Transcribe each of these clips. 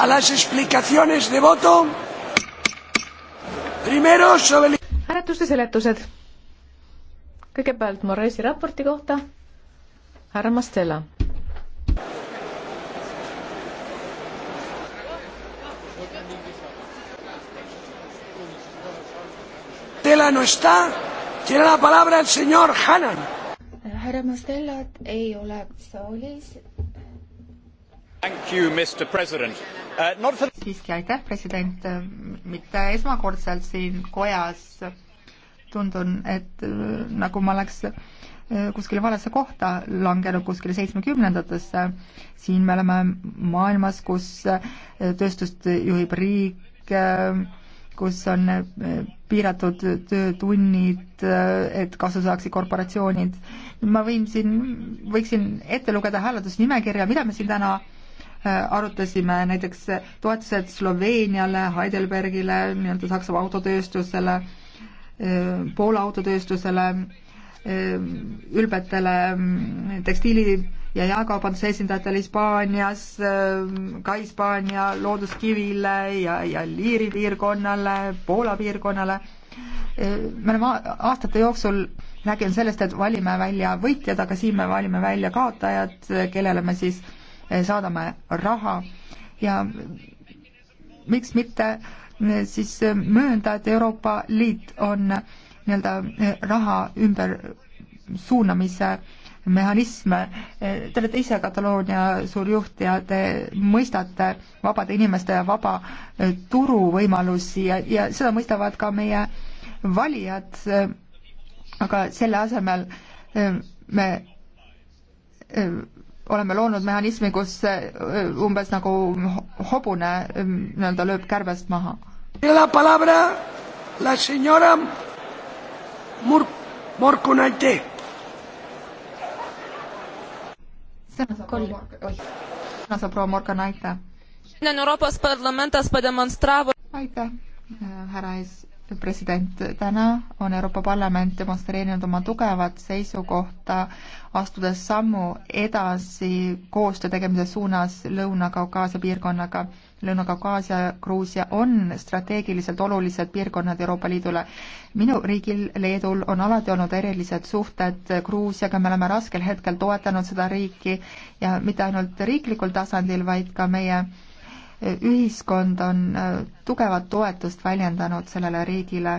a las explicaciones de voto. Primero sobre... hääletuste seletused. kõigepealt Moresi raporti kohta. härra Mastella. Mastella no está, tiene la palabra el señor Hanan. härra Mastellat ei ole saalis. Thank you, Mr President Uh, siiski aitäh, president, äh, mitte esmakordselt siin kojas tundun, et äh, nagu ma oleks äh, kuskile valesse kohta langenud, kuskile seitsmekümnendatesse. siin me oleme maailmas, kus tööstust juhib riik, kus on piiratud töötunnid, et kasu saaksid korporatsioonid. ma võin siin, võiksin ette lugeda hääletusnimekirja, mida me siin täna Äh, arutasime näiteks toetused Sloveeniale, Heidelbergile, nii-öelda Saksa autotööstusele, äh, Poola autotööstusele, äh, ülbetele mm, tekstiili ja jaekaubanduse esindajatel Hispaanias, ka Hispaania looduskivile ja, ja Liiri piirkonnale, Poola piirkonnale. me oleme aastate jooksul rääkinud sellest, et valime välja võitjad, aga siin me valime välja kaotajad, kellele me siis äh, Eh, saadame raha ja miks mitte eh, siis eh, möönda, et Euroopa Liit on nii-öelda raha ümbersuunamise mehhanism. Te olete ise Kataloonia suur juht ja te mõistate vabade inimeste ja vaba turu võimalusi ja, ja seda mõistavad ka meie valijad. aga selle asemel me oleme loonud mehhanismi, kus äh, umbes nagu hobune ähm, nii-öelda lööb kärbest maha. La palabra la señora Mur-, Morkunaite. sõna saab proua Morkunaite. aitäh, äh, härra ees-, president, täna on Euroopa Parlament demonstreerinud oma tugevat seisukohta, astudes sammu edasi koostöö tegemise suunas Lõuna-Kaukaasia piirkonnaga. Lõuna-Kaukaasia ja Gruusia on strateegiliselt olulised piirkonnad Euroopa Liidule. minu riigil, Leedul, on alati olnud erilised suhted Gruusiaga, me oleme raskel hetkel toetanud seda riiki ja mitte ainult riiklikul tasandil, vaid ka meie ühiskond on äh, tugevat toetust väljendanud sellele riigile.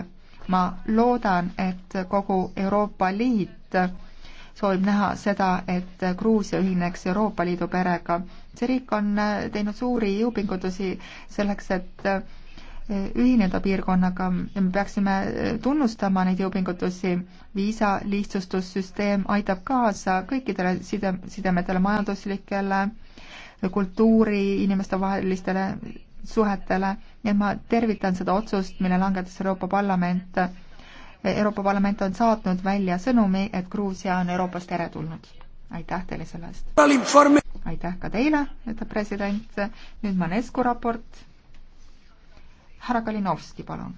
ma loodan, et kogu Euroopa Liit soovib näha seda, et Gruusia ühineks Euroopa Liidu perega. see riik on äh, teinud suuri jõupingutusi selleks, et äh, ühineda piirkonnaga ja me peaksime äh, tunnustama neid jõupingutusi. viisa lihtsustussüsteem aitab kaasa kõikidele side, sidemetele, majanduslikele, kultuuri, inimestevahelistele suhetele, nii et ma tervitan seda otsust, mille langetas Euroopa Parlament. Euroopa Parlament on saatnud välja sõnumi, et Gruusia on Euroopas teretulnud. aitäh teile selle eest! aitäh ka teile, ütleb president. nüüd Manescu raport härra Kalinovski, palun.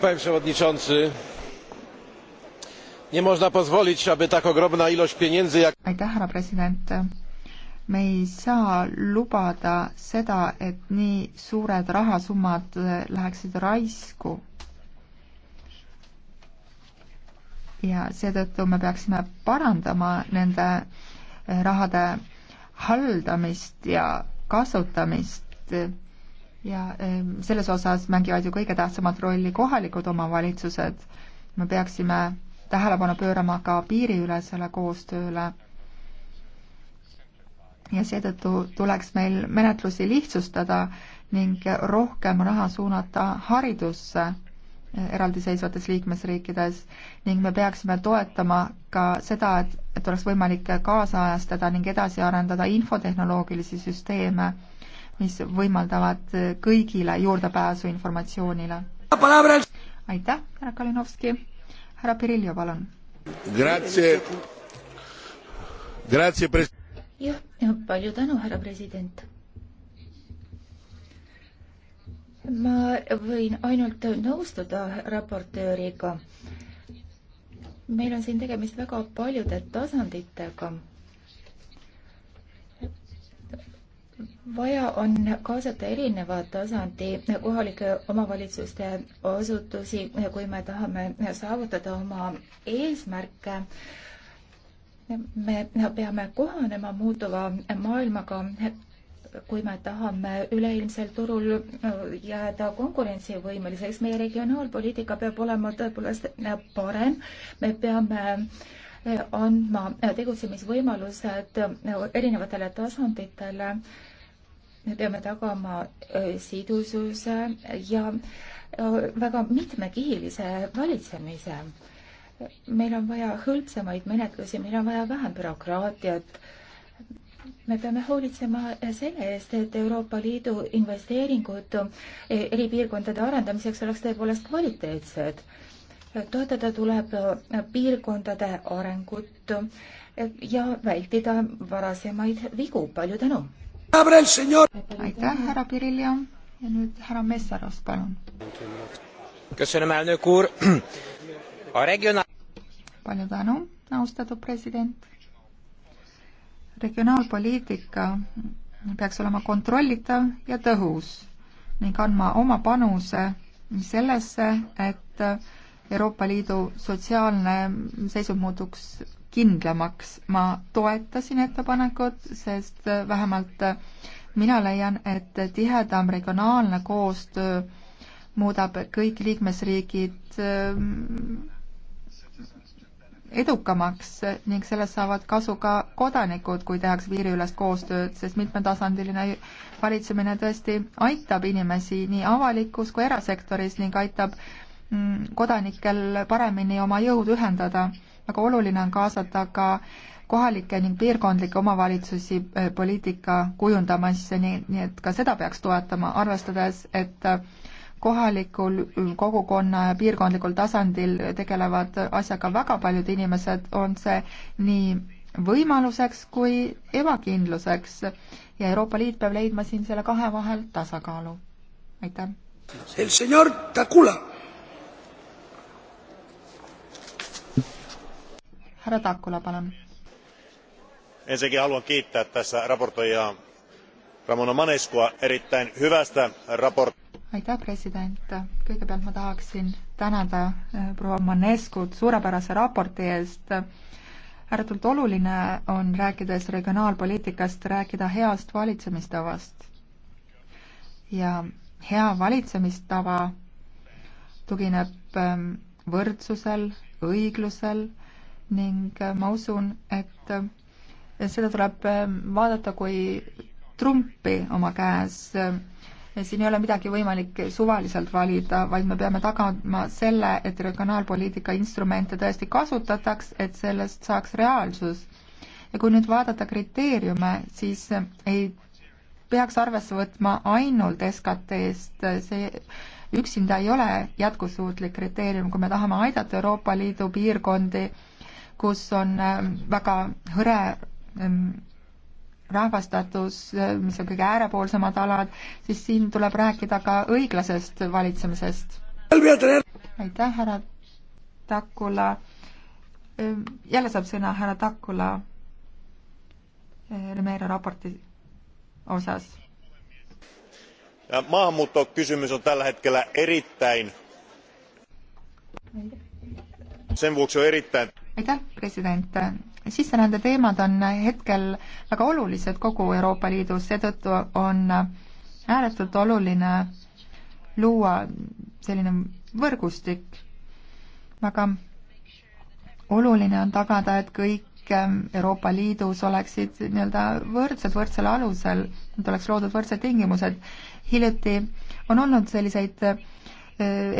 panie przewodniczący! nie można pozwolić aby tak ogromna ilość pieniędzy jak. aitäh härra president me ei saa lubada seda et nii suured rahasummad läheksid raisku ja seetõttu me peaksime parandama nende rahade haldamist ja kasutamist ja ehm, selles osas mängivad ju kõige tähtsamat rolli kohalikud omavalitsused. me peaksime tähelepanu pöörama ka piiriülesele koostööle. ja seetõttu tuleks meil menetlusi lihtsustada ning rohkem raha suunata haridusse eraldiseisvates liikmesriikides ning me peaksime toetama ka seda, et, et oleks võimalik kaasajastada ning edasi arendada infotehnoloogilisi süsteeme, mis võimaldavad kõigile juurdepääsu informatsioonile. aitäh, härra Kalinovski. härra Piriljo, palun. jah, palju tänu, härra president ma võin ainult nõustuda raportööriga. meil on siin tegemist väga paljude tasanditega. vaja on kaasata erineva tasandi kohalike omavalitsuste asutusi, kui me tahame saavutada oma eesmärke me peame kohanema muutuva maailmaga kui me tahame üleilmsel turul äh, jääda konkurentsivõimeliseks, meie regionaalpoliitika peab olema tõepoolest äh, parem, me peame äh, andma tegutsemisvõimalused erinevatele tasanditele, me peame tagama sidususe ja väga mitmekihilise valitsemise. meil on vaja hõlpsamaid menetlusi, meil on vaja vähem bürokraatiat me peame hoolitsema selle eest, et Euroopa Liidu investeeringud e, eri piirkondade arendamiseks oleks tõepoolest kvaliteetsed. toetada tuleb piirkondade arengut ja vältida varasemaid vigu. palju tänu! aitäh, härra Pirilja ja nüüd härra Messaros, palun! palju tänu, austatud president! regionaalpoliitika peaks olema kontrollitav ja tõhus ning andma oma panuse sellesse, et Euroopa Liidu sotsiaalne seisund muutuks kindlamaks. ma toetasin ettepanekut, sest vähemalt mina leian, et tihedam regionaalne koostöö muudab kõik liikmesriigid edukamaks ning sellest saavad kasu ka kodanikud, kui tehakse piiriülest koostööd, sest mitmetasandiline valitsemine tõesti aitab inimesi nii avalikus kui erasektoris ning aitab mm, kodanikel paremini oma jõud ühendada. väga oluline on kaasata ka kohalikke ning piirkondlikke omavalitsusi eh, poliitika kujundamisse, nii, nii et ka seda peaks toetama, arvestades, et äh, kohalikul kogukonna ja piirkondlikul tasandil tegelevad asjaga väga paljud inimesed, on see nii võimaluseks kui ebakindluseks ja Euroopa Liit peab leidma siin selle kahe vahel tasakaalu. aitäh. El señor Takula. härra Takula, palun. ensinnäkin haluan kiittää tässä raportoijaa Ramona Manescua erittäin hyvästä raport- aitäh, president. kõigepealt ma tahaksin tänada äh, proua Maneskut suurepärase raporti eest. ääretult oluline on, rääkides regionaalpoliitikast, rääkida heast valitsemistavast. ja hea valitsemistava tugineb ähm, võrdsusel, õiglusel ning äh, ma usun, et äh, seda tuleb ähm, vaadata kui trumpi oma käes siin ei ole midagi võimalik suvaliselt valida, vaid me peame tagama selle, et regionaalpoliitika instrumente tõesti kasutataks, et sellest saaks reaalsus. ja kui nüüd vaadata kriteeriume, siis ei peaks arvesse võtma ainult SKT-st, see üksinda ei ole jätkusuutlik kriteerium, kui me tahame aidata Euroopa Liidu piirkondi, kus on ähm, väga hõre ähm, rahvastatus, mis on kõige äärepoolsemad alad, siis siin tuleb rääkida ka õiglasest valitsemisest. aitäh, härra Takula. jälle saab sõna härra Takula eh, Remeera raporti osas. maahanmuuttokysymys on tällä hetkellä erittäin sen vuoksi on erittäin aitäh president sisserände teemad on hetkel väga olulised kogu Euroopa Liidus, seetõttu on ääretult oluline luua selline võrgustik. väga oluline on tagada, et kõik Euroopa Liidus oleksid nii-öelda võrdsed võrdsel alusel, et oleks loodud võrdsed tingimused. hiljuti on olnud selliseid eh,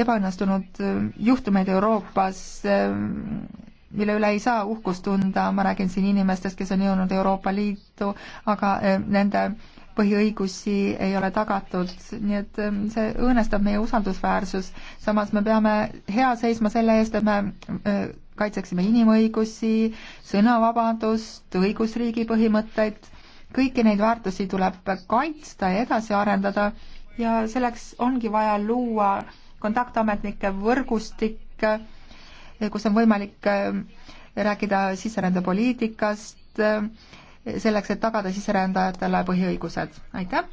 ebaõnnestunud juhtumeid Euroopas eh, mille üle ei saa uhkust tunda, ma räägin siin inimestest, kes on jõudnud Euroopa Liitu, aga eh, nende põhiõigusi ei ole tagatud, nii et eh, see õõnestab meie usaldusväärsus. samas me peame hea seisma selle eest, et me eh, kaitseksime inimõigusi, sõnavabadust, õigusriigi põhimõtteid, kõiki neid väärtusi tuleb kaitsta ja edasi arendada ja selleks ongi vaja luua kontaktametnike võrgustik, Eh, kus on võimalik eh, rääkida sisserändepoliitikast, eh, selleks, et tagada sisserändajatele põhiõigused. aitäh!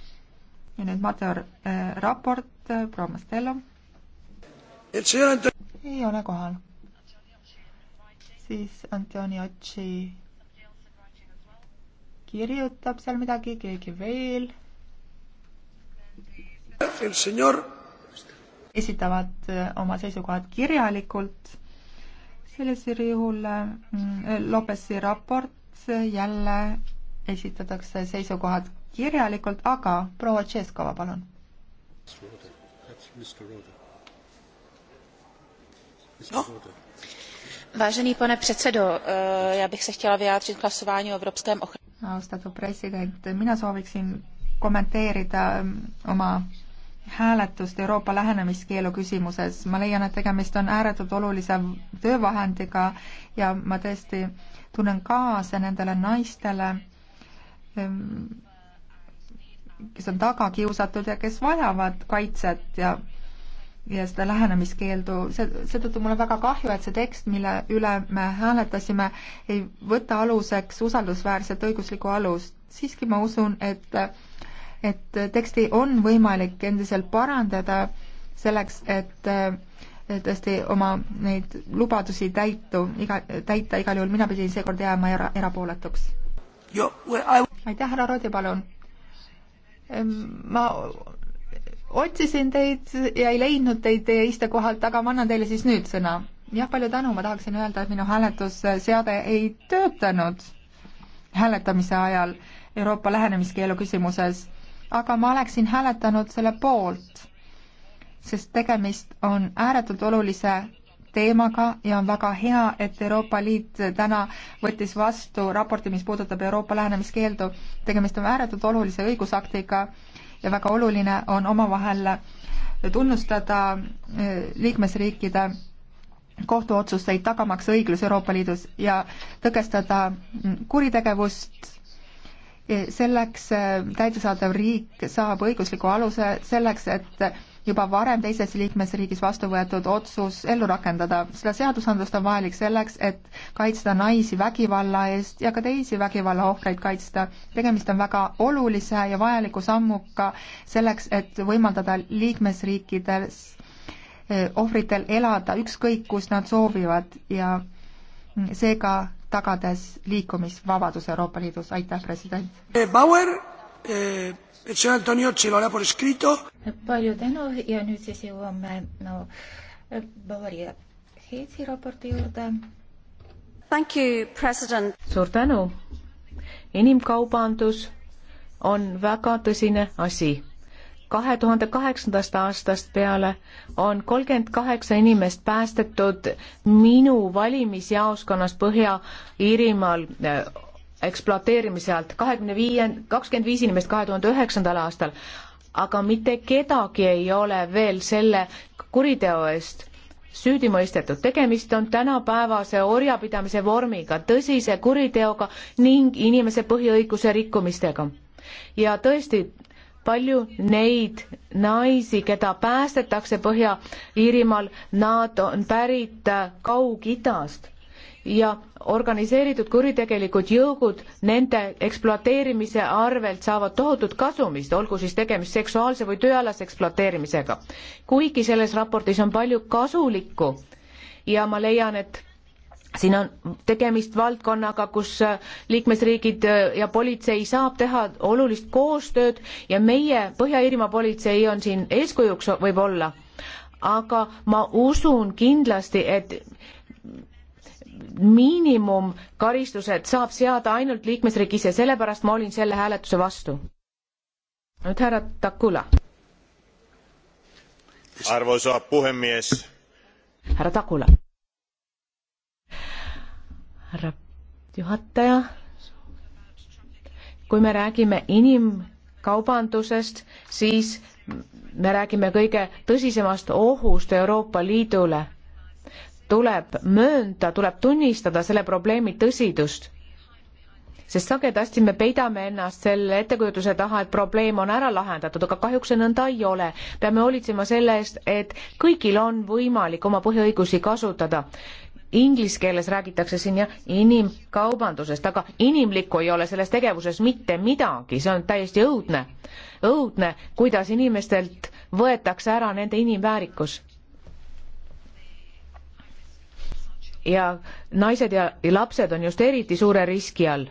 ja nüüd Mateor äh, raport, proua Mastello. ei ole kohal. siis Antoni Otsi kirjutab seal midagi, keegi veel esitavad oma seisukohad kirjalikult sellisel juhul mm, Lopesi raport jälle esitatakse seisukohad kirjalikult, aga proua Tšeskova, palun. No. Vážený pane předsedo, eh, já bych se chtěla vyjádřit k hlasování o evropském ochraně. Austatud president, mina sooviksin kommenteerida mm, oma hääletust Euroopa lähenemiskeelu küsimuses. ma leian, et tegemist on ääretult olulise töövahendiga ja ma tõesti tunnen kaasa nendele naistele, ehm, kes on taga kiusatud ja kes vajavad kaitset ja ja seda lähenemiskeeldu, see, seetõttu mul on väga kahju, et see tekst, mille üle me hääletasime, ei võta aluseks usaldusväärset õiguslikku alust. siiski ma usun, et et teksti on võimalik endiselt parandada selleks, et tõesti oma neid lubadusi täitu, iga, täita, igal juhul mina pidin seekord jääma era, erapooletuks. aitäh, härra Rodi, palun. ma otsisin teid ja ei leidnud teid teie istekohalt, aga ma annan teile siis nüüd sõna. jah, palju tänu, ma tahaksin öelda, et minu hääletusseade ei töötanud hääletamise ajal Euroopa lähenemiskeelu küsimuses aga ma oleksin hääletanud selle poolt, sest tegemist on ääretult olulise teemaga ja on väga hea, et Euroopa Liit täna võttis vastu raporti, mis puudutab Euroopa lähenemiskeeldu. tegemist on ääretult olulise õigusaktiga ja väga oluline on omavahel tunnustada eh, liikmesriikide kohtuotsuseid, tagamaks õiglus Euroopa Liidus ja tõkestada kuritegevust selleks äh, täidesaatev riik saab õigusliku aluse selleks, et juba varem teises liikmesriigis vastu võetud otsus ellu rakendada. seda seadusandlust on vajalik selleks, et kaitsta naisi vägivalla eest ja ka teisi vägivalla ohvreid kaitsta. tegemist on väga olulise ja vajaliku sammuga selleks, et võimaldada liikmesriikides äh, ohvritel elada ükskõik, kus nad soovivad ja seega tagades liikumisvabaduse Euroopa Liidus, aitäh, president! Eh, eh, palju tänu ja nüüd siis jõuame no Bavaria Heitsi raporti juurde. suur tänu! inimkaubandus on väga tõsine asi kahe tuhande kaheksandast aastast peale on kolmkümmend kaheksa inimest päästetud minu valimisjaoskonnas Põhja-Iirimaal äh, ekspluateerimise alt, kahekümne viie, kakskümmend viis inimest kahe tuhande üheksandal aastal, aga mitte kedagi ei ole veel selle kuriteo eest süüdi mõistetud. tegemist on tänapäevase orjapidamise vormiga, tõsise kuriteoga ning inimese põhiõiguse rikkumistega. ja tõesti, palju neid naisi, keda päästetakse Põhja-Iirimaal, nad on pärit äh, Kaug-Idast ja organiseeritud kuritegelikud jõugud nende ekspluateerimise arvelt saavad tohutut kasumist, olgu siis tegemist seksuaalse või tööalase ekspluateerimisega. kuigi selles raportis on palju kasulikku ja ma leian, et siin on tegemist valdkonnaga, kus äh, liikmesriigid äh, ja politsei saab teha olulist koostööd ja meie Põhja-Iirimaa politsei on siin eeskujuks võib-olla. aga ma usun kindlasti, et miinimumkaristused saab seada ainult liikmesriik ise, sellepärast ma olin selle hääletuse vastu. nüüd härra Takula. arvoisa puhemees. härra Takula härra juhataja, kui me räägime inimkaubandusest, siis me räägime kõige tõsisemast ohust Euroopa Liidule. tuleb möönda, tuleb tunnistada selle probleemi tõsidust sest sagedasti me peidame ennast selle ettekujutuse taha, et probleem on ära lahendatud, aga kahjuks see nõnda ei ole. peame hoolitsema selle eest, et kõigil on võimalik oma põhiõigusi kasutada inglise keeles räägitakse siin jah inimkaubandusest, aga inimlikku ei ole selles tegevuses mitte midagi, see on täiesti õudne. õudne, kuidas inimestelt võetakse ära nende inimväärikus. ja naised ja lapsed on just eriti suure riski all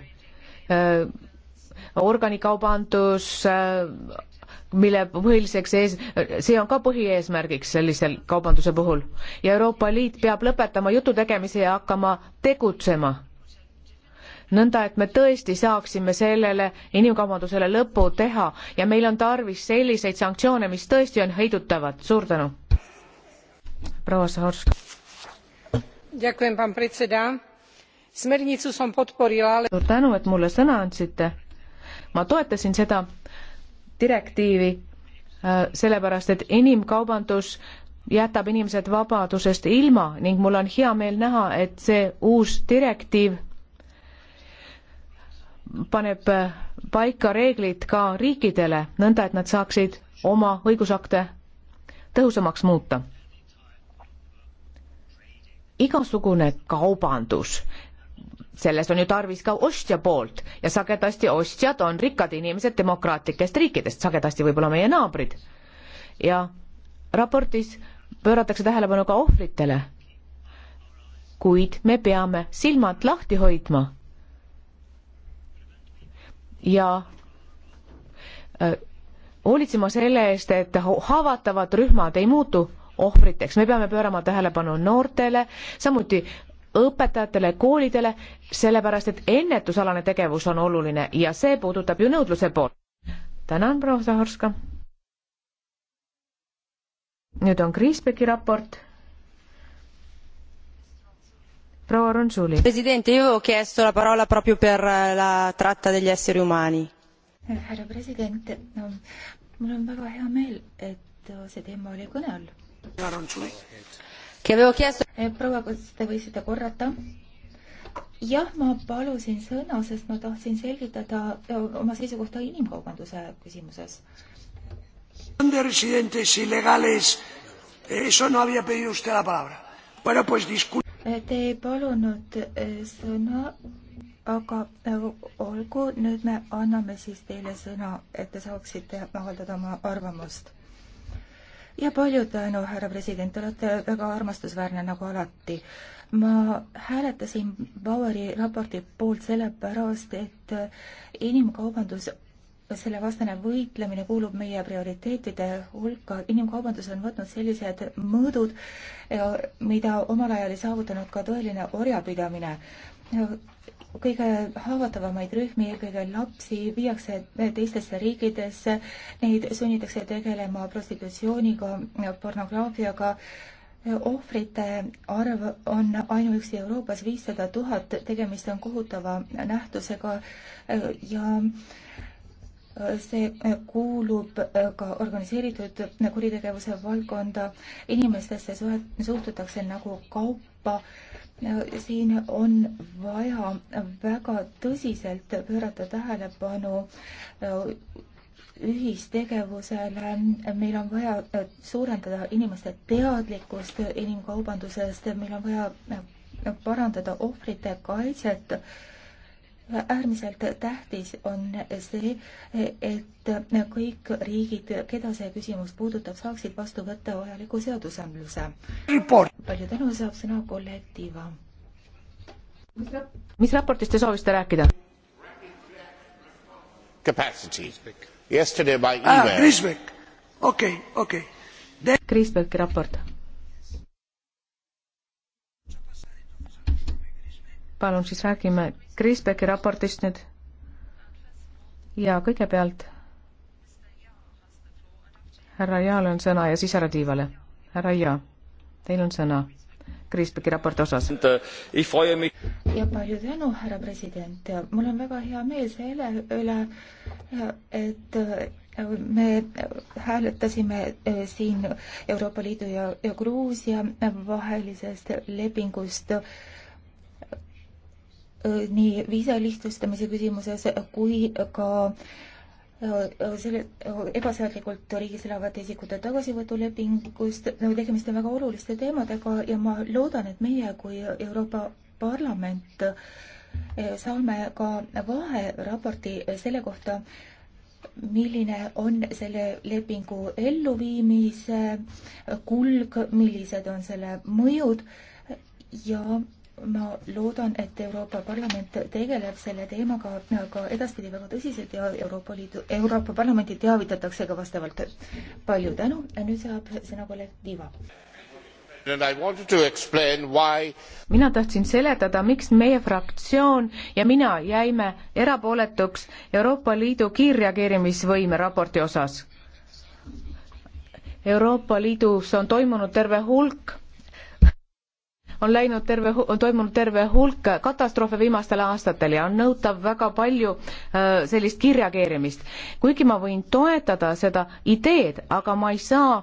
organikaubandus, mille põhiliseks ees, see on ka põhieesmärgiks sellisel kaubanduse puhul. ja Euroopa Liit peab lõpetama jutu tegemise ja hakkama tegutsema. nõnda, et me tõesti saaksime sellele inimkaubandusele lõpu teha ja meil on tarvis selliseid sanktsioone, mis tõesti on heidutavad. suur tänu. proua Saorsk. suur tänu, et mulle sõna andsite. ma toetasin seda direktiivi, äh, sellepärast et inimkaubandus jätab inimesed vabadusest ilma ning mul on hea meel näha, et see uus direktiiv paneb äh, paika reeglid ka riikidele, nõnda et nad saaksid oma õigusakte tõhusamaks muuta. igasugune kaubandus, sellest on ju tarvis ka ostja poolt ja sagedasti ostjad on rikkad inimesed demokraatlikest riikidest, sagedasti võib-olla meie naabrid. ja raportis pööratakse tähelepanu ka ohvritele. kuid me peame silmad lahti hoidma. ja äh, hoolitsema selle eest, et haavatavad rühmad ei muutu ohvriteks, me peame pöörama tähelepanu noortele, samuti õpetajatele, koolidele, sellepärast et ennetusalane tegevus on oluline ja see puudutab ju nõudluse poolt. tänan, proua Zahorska. nüüd on Kriisbeki raport. proua Ronsuli. president, io ho chiesto la parola proprio per la tratta degli esseri umani. härra president no,, mul on väga hea meel, et see teema oli kõne all. proua Ronsuli Eh, proua, kas te võisite korrata? jah, ma palusin sõna, sest ma tahtsin selgitada eh, oma seisukohta inimkaubanduse küsimuses. de residentes ilegales, eh, eso no había pedido usted la palabra. Bueno, pues disculpe. Te ei palunud sõna, aga olgu, nüüd me anname siis teile sõna, et te saaksite avaldada oma arvamust ja palju tänu, härra president, te olete väga armastusväärne nagu alati. ma hääletasin Baueri raporti poolt sellepärast, et inimkaubandus selle vastane võitlemine kuulub meie prioriteetide hulka. inimkaubandus on võtnud sellised mõõdud, mida omal ajal ei saavutanud ka tõeline orjapidamine kõige haavatavamaid rühmi, eelkõige lapsi, viiakse teistesse riikidesse, neid sunnitakse tegelema prostitutsiooniga, pornograafiaga. ohvrite arv on ainuüksi Euroopas viissada tuhat, tegemist on kohutava nähtusega ja see kuulub ka organiseeritud kuritegevuse valdkonda, inimestesse suhetutakse nagu kaupa siin on vaja väga tõsiselt pöörata tähelepanu äh, ühistegevusele, meil on vaja äh, suurendada inimeste teadlikkust inimkaubandusest, meil on vaja äh, parandada ohvrite kaitset äärmiselt tähtis on see, et kõik riigid, keda see küsimus puudutab, saaksid vastu võtta vajaliku seadusandluse. palju tänu, saab sõna kolleeg Tiiva. mis raportist te soovisite rääkida? Yesterday by ah, email ah,. Kriisbek, okei okay,, okei okay. De.... Kriisbeki raport palun siis räägime Kris Beki raportist nüüd. ja kõigepealt härra Jaale on sõna ja siis härra Tiivale. härra Ja, teil on sõna Kriisbeki raporti osas. ja palju tänu, härra president. mul on väga hea meel selle üle, et me hääletasime eh, siin Euroopa Liidu ja, ja Gruusia vahelisest lepingust Äh, nii viisa lihtsustamise küsimuses kui ka äh, selle äh, ebaseaduslikult riigis elavate isikute tagasivõtulepingust, tegemist on väga oluliste teemadega ja ma loodan, et meie kui Euroopa Parlament saame ka vaheraporti selle kohta, milline on selle lepingu elluviimise kulg, millised on selle mõjud ja ma loodan, et Euroopa Parlament tegeleb selle teemaga ka edaspidi väga tõsiselt ja Euroopa Liidu, Euroopa Parlamenti teavitatakse ka vastavalt. palju tänu ja nüüd saab sõna kolleeg Tiiva. mina tahtsin seletada, miks meie fraktsioon ja mina jäime erapooletuks Euroopa Liidu kiirreageerimisvõime raporti osas. Euroopa Liidus on toimunud terve hulk on läinud terve, on toimunud terve hulk katastroofe viimastel aastatel ja on nõutav väga palju äh, sellist kirjakeerimist. kuigi ma võin toetada seda ideed, aga ma ei saa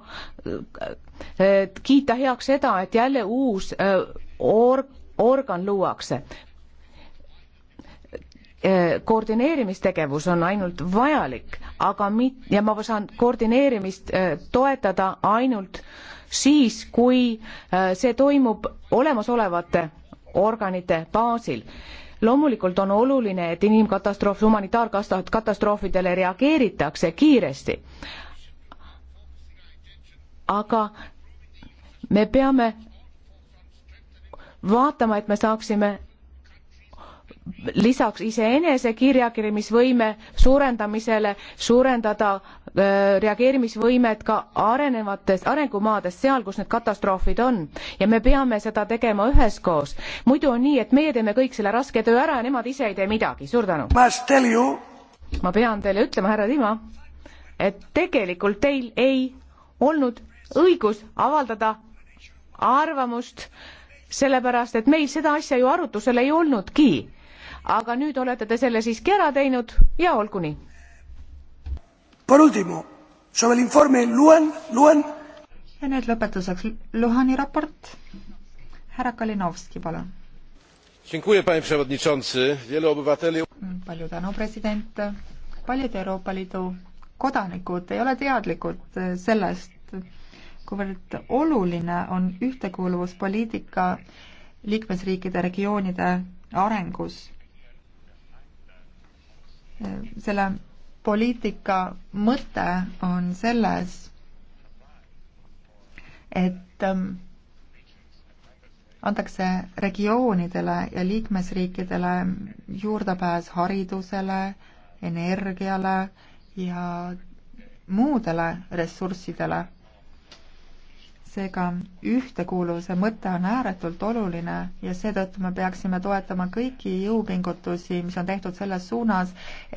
äh, kiita heaks seda, et jälle uus äh, org, organ luuakse äh, koordineerimistegevus on ainult vajalik, aga mit-, ja ma saan koordineerimist äh, toetada ainult äh, siis, kui äh, see toimub olemasolevate organite baasil loomulikult on oluline, et inimkatastroof, humanitaarkatastroofidele reageeritakse kiiresti. aga me peame vaatama, et me saaksime lisaks iseenese kiirreageerimisvõime suurendamisele suurendada öö, reageerimisvõimet ka arenevates arengumaades seal kus need katastroofid on ja me peame seda tegema üheskoos muidu on nii et meie teeme kõik selle raske töö ära ja nemad ise ei tee midagi suur tänu ma pean teile ütlema härra Dima et tegelikult teil ei olnud õigus avaldada arvamust sellepärast et meil seda asja ju arutusel ei olnudki aga nüüd olete te selle siiski ära teinud ja olgu nii. ja nüüd lõpetuseks Luhani raport. härra Kalinovski, palun. Mm, palju tänu, president. paljud Euroopa Liidu kodanikud ei ole teadlikud e, sellest, kuivõrd oluline on ühtekuuluvuspoliitika liikmesriikide regioonide arengus selle poliitika mõte on selles, et ähm, antakse regioonidele ja liikmesriikidele juurdepääs haridusele, energiale ja muudele ressurssidele seega ühtekuuluvuse mõte on ääretult oluline ja seetõttu me peaksime toetama kõiki jõupingutusi, mis on tehtud selles suunas,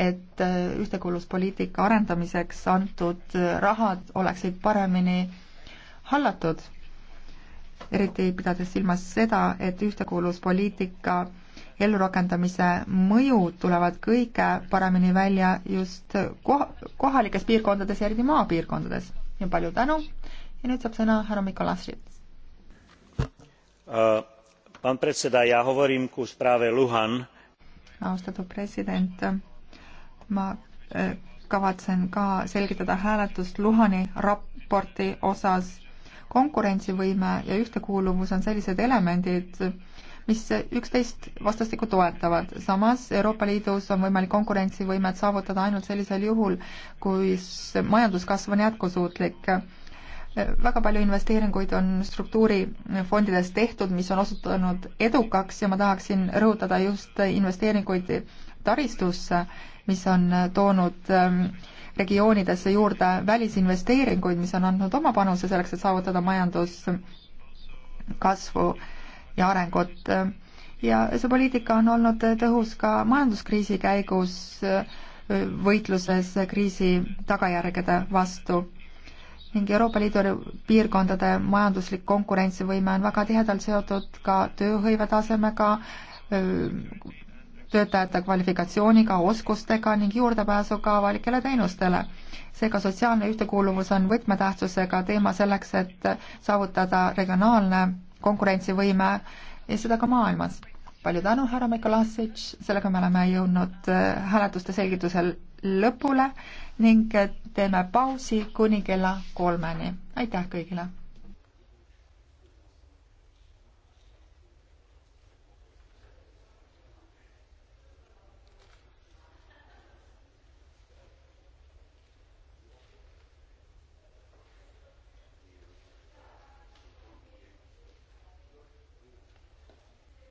et äh, ühtekuuluvuspoliitika arendamiseks antud rahad oleksid paremini hallatud. eriti pidades silmas seda, et ühtekuuluvuspoliitika ellurakendamise mõjud tulevad kõige paremini välja just koha, kohalikes piirkondades ja eriti maapiirkondades. ja palju tänu! ja nüüd saab sõna härra Mikolasits uh,. Äh, pán predseda, ja hovorím ku správe Luhan. austatud president, ma äh, kavatsen ka selgitada hääletust Luhani raporti osas. konkurentsivõime ja ühtekuuluvus on sellised elemendid, mis üksteist vastastikku toetavad. samas Euroopa Liidus on võimalik konkurentsivõimet saavutada ainult sellisel juhul, kus majanduskasv on jätkusuutlik väga palju investeeringuid on struktuurifondides tehtud, mis on osutunud edukaks ja ma tahaksin rõhutada just investeeringuid taristusse, mis on toonud ähm, regioonidesse juurde välisinvesteeringuid, mis on andnud oma panuse selleks, et saavutada majanduskasvu ja arengut. ja see poliitika on olnud tõhus ka majanduskriisi käigus, äh, võitluses kriisi tagajärgede vastu ning Euroopa Liidu piirkondade majanduslik konkurentsivõime on väga tihedalt seotud ka tööhõive tasemega, töötajate kvalifikatsiooniga, oskustega ning juurdepääsuga avalikele teenustele. seega sotsiaalne ühtekuuluvus on võtmetähtsusega teema selleks, et saavutada regionaalne konkurentsivõime ja seda ka maailmas. palju tänu, härra Mikolasic, sellega me oleme jõudnud äh, hääletuste selgitusel lõpule ning teeme pausi kuni kella kolmeni. aitäh kõigile!